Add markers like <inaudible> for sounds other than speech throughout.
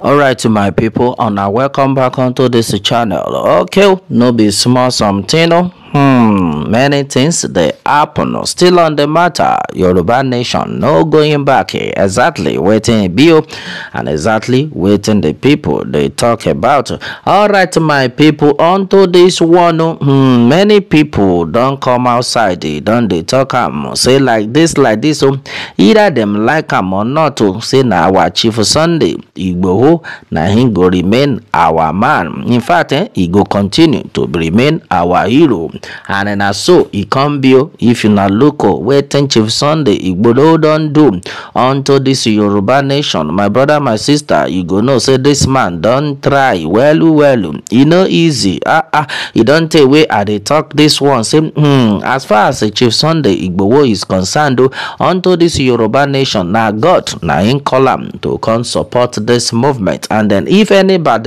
all right to my people and oh, I welcome back onto this channel okay no be small something no oh. hmm many things they happen oh. still on the matter yoruba nation no going back eh. exactly waiting bill and exactly waiting the people they talk about all right my people onto this one hmm, many people don't come outside they eh, don't they talk um, say like this like this so either them like them or not to say now our chief sunday Igboho na him go remain our man in fact eh, e go continue to remain our hero and na so e come be oh, if una local oh, wetin Chief Sunday Igboho don do unto dis Yoruba nation my brother my sister you go know say dis man don try well well e no easy ah ah e don tey wey i dey talk dis one say hmm as far as Chief Sunday Igboho is concerned oh, unto dis Yoruba nation na God na him call am to come support this movement and then if anybody,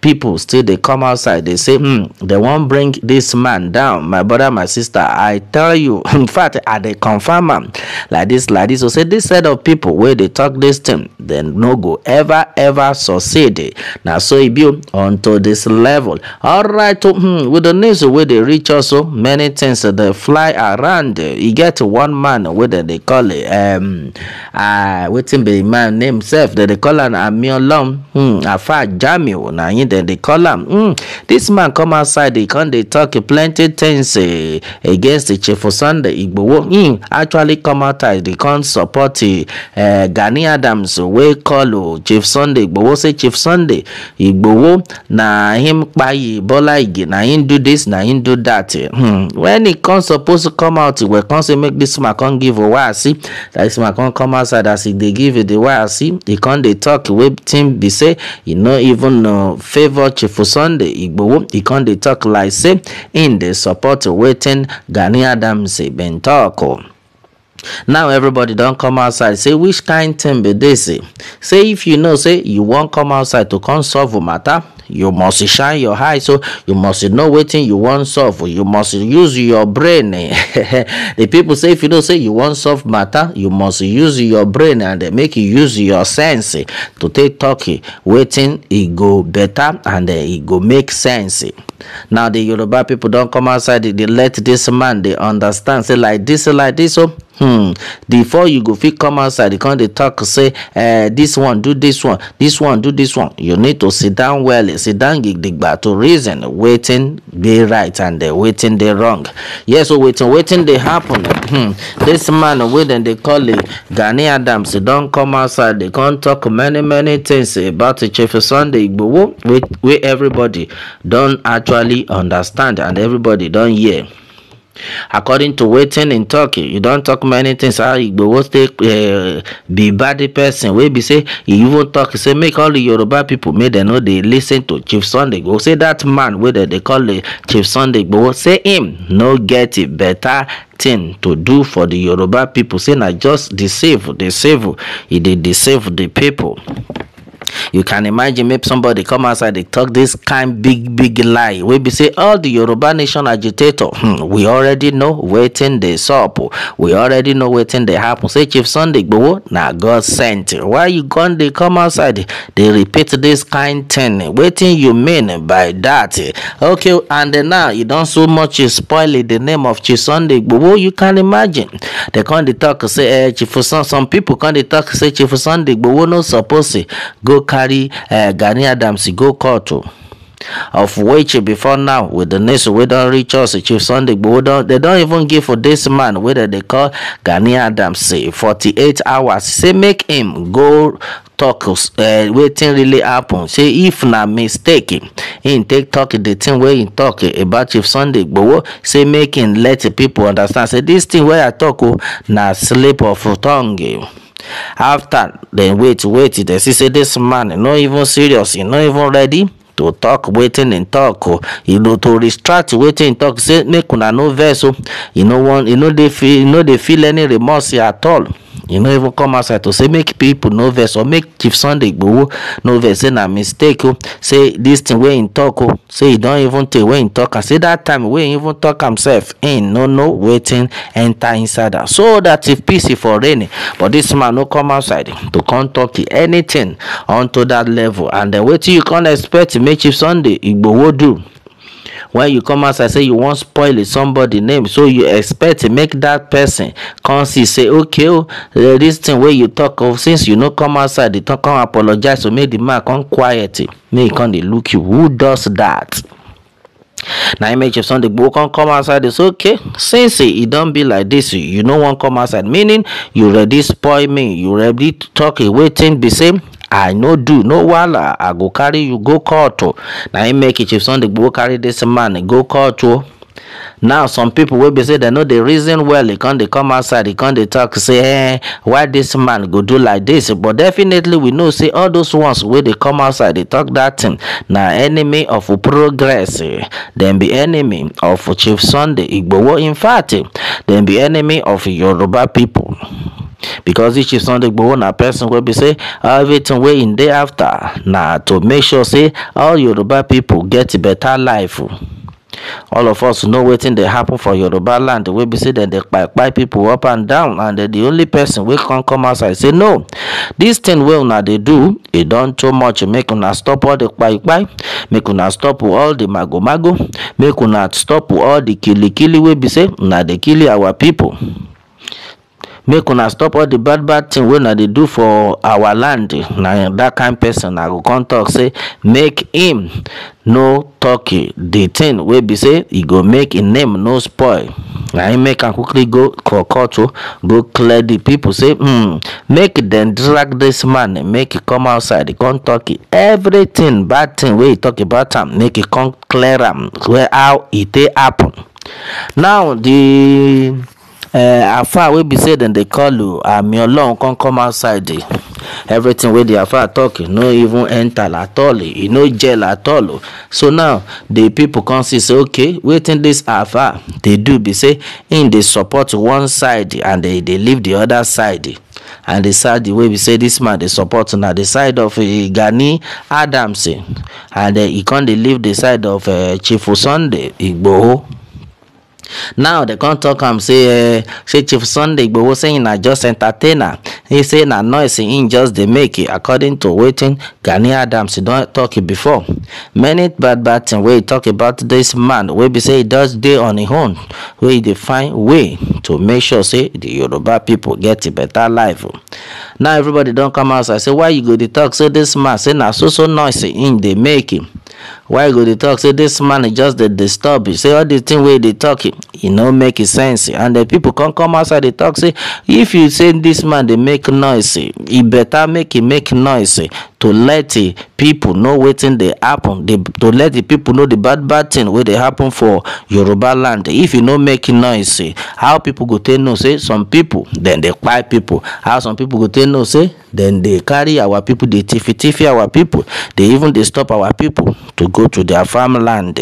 people still they come outside they say hmm they won't bring this man down my brother my sister i tell you <laughs> in fact i they confirm am like this like this so say this set of people where they talk this thing then no go ever ever succeed now so it be onto oh, this level all right so, oh, hmm, with the news where they reach also oh, many things uh, they fly around uh, you get one man whether they call it um uh ah, waiting be man himself that they call am and amiolom afa jamiu na him dem dey call am hmm dis man come outside e come dey talk plenty things eh, against the chief sunday igbowo hmm actually come out as dey come support eh, gani adams wey call o oh, chief sunday igbowo say chief sunday igbowo na him kpayi bola ige na him do this. na him do that. Eh, hmm when he come suppose come out wey come say make this man come give a owa See that this man come come outside as e dey give owa See e come dey talk talk wey team be say e no even uh, favour chifusunde igbowo e con dey talk like say im dey support wetin gani adams bin tok. Oh. now everybody don come outside say which kind thing be dis say if you know say you wan come outside to come solve matter you must shine your eyes, so you must know waiting. you want solve you must use your brain <laughs> the people say if you don't say you want solve matter you must use your brain and make you use your sense to take talk Waiting, it e go better and it e go make sense now the yoruba people don't come outside They let this man They understand say like this like this So, oh um hmm. the you go fit come outside you come dey talk say uh, this one do this one this one do this one you need to sit down well sit down gidigba to reason wetin dey right and uh, wetin dey wrong yes so wetin wetin dey happen hmm, this man wey dem dey call him gani adams don come outside dey come talk many many things about chief sunday igbowo wey everybody don actually understand and everybody don hear according to wetin in turkey you don talk many tins how ah, igbowo take eh, be bad person wey be say e even talk. say make all the yoruba people make dem no dey lis ten to chief sunday igbowo say that man wey dem dey call the chief sunday igbowo say him no get a better thing to do for the yoruba people. say na just deceive. save dey save e dey dey save di you can imagine maybe somebody come outside they talk this kind big big lie we be say all the yoruba nation agitator hmm, we already know waiting they sup we already know waiting they happen say chief sunday but now nah, god sent why you gone they come outside they repeat this kind thing waiting you mean by that okay and then now you don't so much spoil it, the name of chief sunday but what? you can imagine they can't talk say eh, chief Sunday. some people can't talk say chief sunday but no supposed to go carry uh, Gani Adams go court o. Oh. Of which before now with the news we don reach us Chief Sunday but Igboho don't, they don't even give for this man whether they call Gani Adams say 48 hours say make him go talk uh, wetin really happen say if na mistaken, in take talk the thing where im talk about chief sunday igboho say make im let people understand say this thing where i talk o oh, na slip of tongue. Eh after dem wait wait dem see say dis man no even serious e no even ready to talk wetin im talk o e no to retract wetin im talk say make una no vex o e no dey feel any remorse at all you no even come outside to say make people no vex or make chief sunday igbowo no vex say na mistake o oh. say this thing wey im tok o say e don even tey wey im tok am say that time wey im even tok amsef im no know wetin enter inside am so that if peace for reign but this man no come outside to come tok anything unto that level and wetin you con expect make chief sunday igbowo do when you come outside say you wan spoil somebody name so you expect make that person come see say okay o oh, uh, this thing wey you talk of since you no come outside dey talk come apologize so make the man come quiet make e come dey look you who does that? na image of sunday gboo come come outside dey say okay since e don be like this. you no wan come outside meaning you ready spoil me you ready talk a wetin be say i no do no wahala i go carry you go court o oh. na im make chief sunday go carry dis man go court o oh. now some people wey be say dem no dey reason well e con dey come outside e con dey talk say eh why this man go do like this? but definitely we know say all those ones wey dey come outside dey talk that thing. na enemy of progress eh. dem be enemy of chief sunday igbowo in fact eh, dem be enemy of yoruba people because each sunday igboho na person wey be say everything wey im day after now to make sure say all yoruba people get better life all of us know wetin dey happen for yoruba land wey be say dem dey kpai pipo up and down and the only person wey come come outside say no This thing wey una dey do e don too much make una stop all the kpai make una stop all the magomago make una stop all the kilikili wey be say una dey kill our people make una stop all the bad bad thing wey una dey do for our land na that kind person i go come talk say make him no talk di thing wey be say e go make im name no spoil na im make am quickly go for court o oh, go clear the people say hmm. make dem drag this man make he come outside come talk everything bad thing wey e talk about am make he come clear am how e take happen now the afa eh, wey be say dem dey call o àmì ọlọ́run kan come outside everything wey the afa talk e no even enter at all e, e no gel at all so now the people come see say okay wetin this afa dey do be say im dey support one side and dey dey leave the other side and the side wey be say this man dey support na the side of uh, gani adams and uh, e come dey leave the side of uh, chief sunday igboho now dem come talk am um, say um say chief sunday igboho saying na just entertainer He say na noise im just dey make according to wetin gani adams don tok before many bad bad tin wey he talk about this man wey be say he just dey on im own wey he dey find way to make sure say the yoruba people get a better life now everybody don come outside say why you go dey talk say this man say na so so noise im dey make why you go dey talk say this man just dey disturb you say all the thing wey e dey tok e no make sense and di people come come outside dey talk say if you say this man dey make make noise e better make e make noise to let di people know wetin dey happen The to let the people know the bad bad thing wey dey happen for yoruba land if you e no make noise how people go take know say some people dem dey kpai people. how some people go take know say dem dey carry our people. dey tiffy tiffy our people. dey even dey stop our people to go to their farmland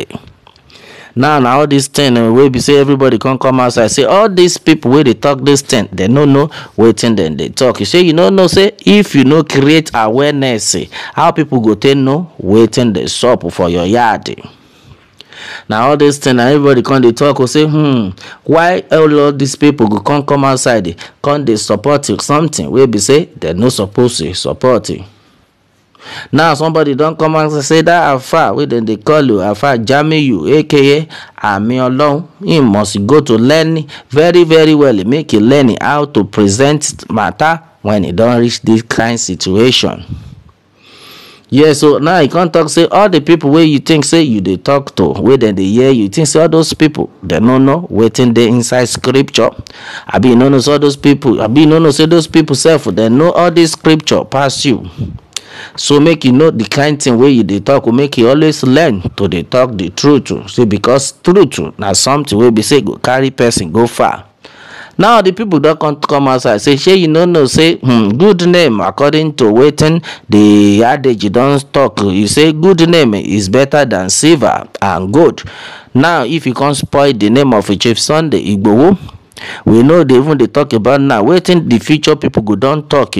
now na all dis tin wey be say everybody come come outside say all dis people wey dey talk this tin dem no know wetin dem dey talk. you say you no know say if you no create awareness eh, how people go take know wetin dey sup for your yard eh? na all this tin na everybody come dey talk? o oh, say hmm why all dis people go come come outside eh? come dey support something wey be say dem no suppose support now somebody don come out say that afa wey dem dey call you afa jamiu aka ami olorun im must go to learn very very well make e learn how to present matter when e don reach this kind situation yes so now e can't talk say all the people where you think say you they talk to wey then they hear you think say all those people they no know wetin dey inside scripture I be no know say all those people. I be no know say those people sef They know all this scripture pass you so make you know the kind thing wey you dey talk make you always learn to dey talk the truth See because truth na something wey be say go carry person go far now the people don come outside say shey you no know say hmm, good name according to wetin di adage don talk. you say good name is better than silver and gold now if you con spoil the name of a chief sunday igbowo we no dey even dey talk about now wetin the future people go don tok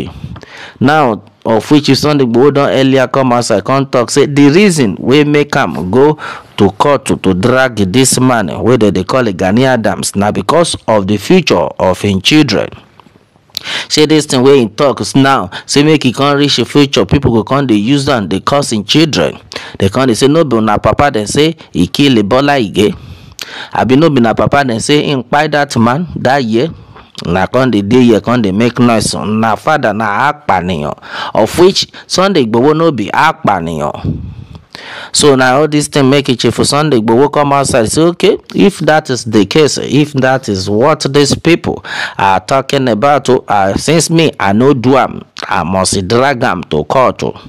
now of which you sunday igboho don earlier come outside come talk. say the reason wey make am go to court to, to drag this man wey dem dey call gani adams na because of the future of im children say this tin wey im tok now say make e come reach im future People go come dey use am dey cause im children dey come dey say no be una papa dem say e kill ebola ige abi no be na papa dem say im kpai dat man dat year na come dey dey here come dey make noise na father na apànìyàn of which Sunday Igboho no be apànìyàn so na all these things make Ichifu Sunday Igboho come outside say okay if that is the case if that is what these people are talking about oh, uh, since me i no do am i must drag am to court o oh.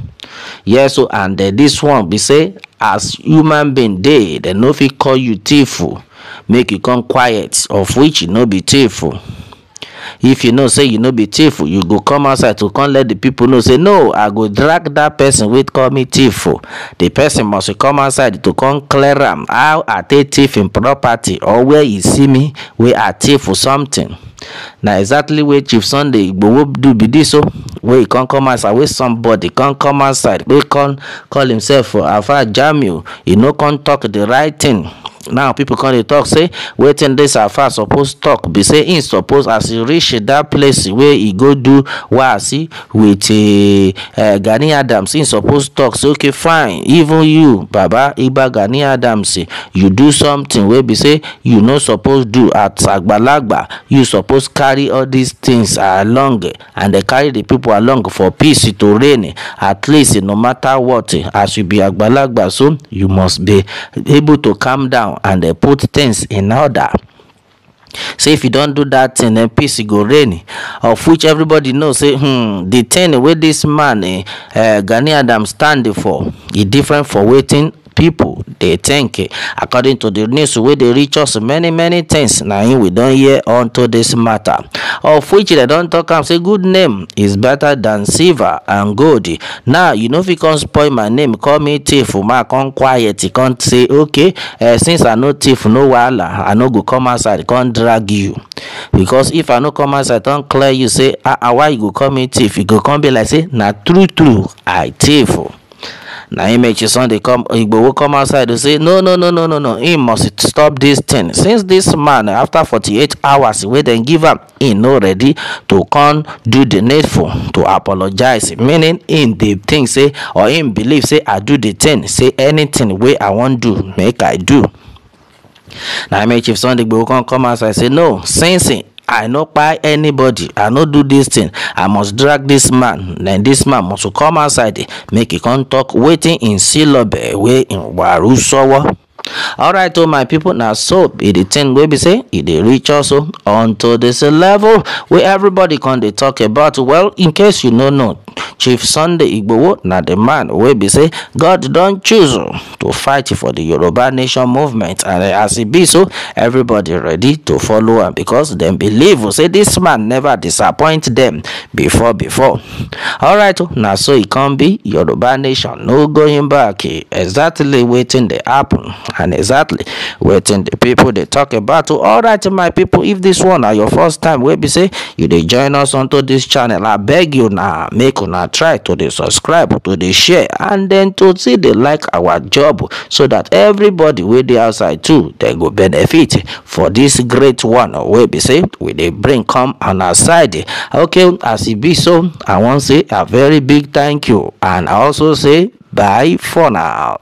yes So oh, and uh, this one be say as human being dey dem no fit call you thief make you come quiet of which you no be thief o if you know say you no be thief you go come outside to come let the people know say no i go drag that person wey call me thief o di person must come outside to come clear am how i take thief im property or where e see me wey i thief for something na exactly wey chief sunday igbowo do be this. o oh. wey he come come outside wey somebody come come outside wey come call himself for afa jamiu e no come talk the right thing now people come dey tok say wetin dis afar suppose talk. be say im suppose as e reach dat place wey e go do waasi wit eh, eh, gani adams im suppose talk. say okay fine even you baba igba gani adams you do something wey be say you no suppose do at agbalagba you suppose carry all these things along and dey carry the people along for peace to reign at least no matter what as you be agbalagba so you must be able to calm down and uh, put things in order say if you don do that, thing then peace go reign of which everybody know say hmm the thing wey this man uh, gani adam stand for e different for wetin People dey think according to the news wey dey reach us many many things. na im we don hear unto this matter. of which dem don talk. am say good name is better than silver and gold now you no fit come spoil my name call me thief ma come quiet come say okay eh, since i no thief no wahala i no go come outside come drag you because if i no come outside don clear you say ah, ah, why you go call me thief you go come be like say na true true i thief na him make sunday come igbowo come outside to say no no no no no no him must stop this thing. since this man after forty-eight hours wey dem give am him no ready to come do the needful to apologize. meaning him dey think say or him believe say i do the thing. say anything, wey i wan do make i do na im chief sunday gbowokon come outside say no since i no kpai anybody i no do dis thing i must drag dis man then dis man must come outside make e come talk wetin im see lọbẹ wey im waru sọwọ alright o oh, my people. Now, so it the tin we be say it e dey reach also oh, onto this level where everybody can they talk about well in case you no know chief sunday igbowo na the man we be say god don't choose to fight for the yoruba nation movement and as e be so everybody ready to follow him because dem believe say this man never disappoint them before before alright oh, now so e con be yoruba nation no going back exactly waiting the happen and exactly waiting the people they talk about all right, my people, if this one are your first time we be say you dey join us onto this channel I beg you now, make now try to dey subscribe to dey share and then to see dey like our job so that everybody wey dey outside too they go benefit for this great one We be say we dey bring come on our side okay as it e be so i wan say a very big thank you and also say bye for now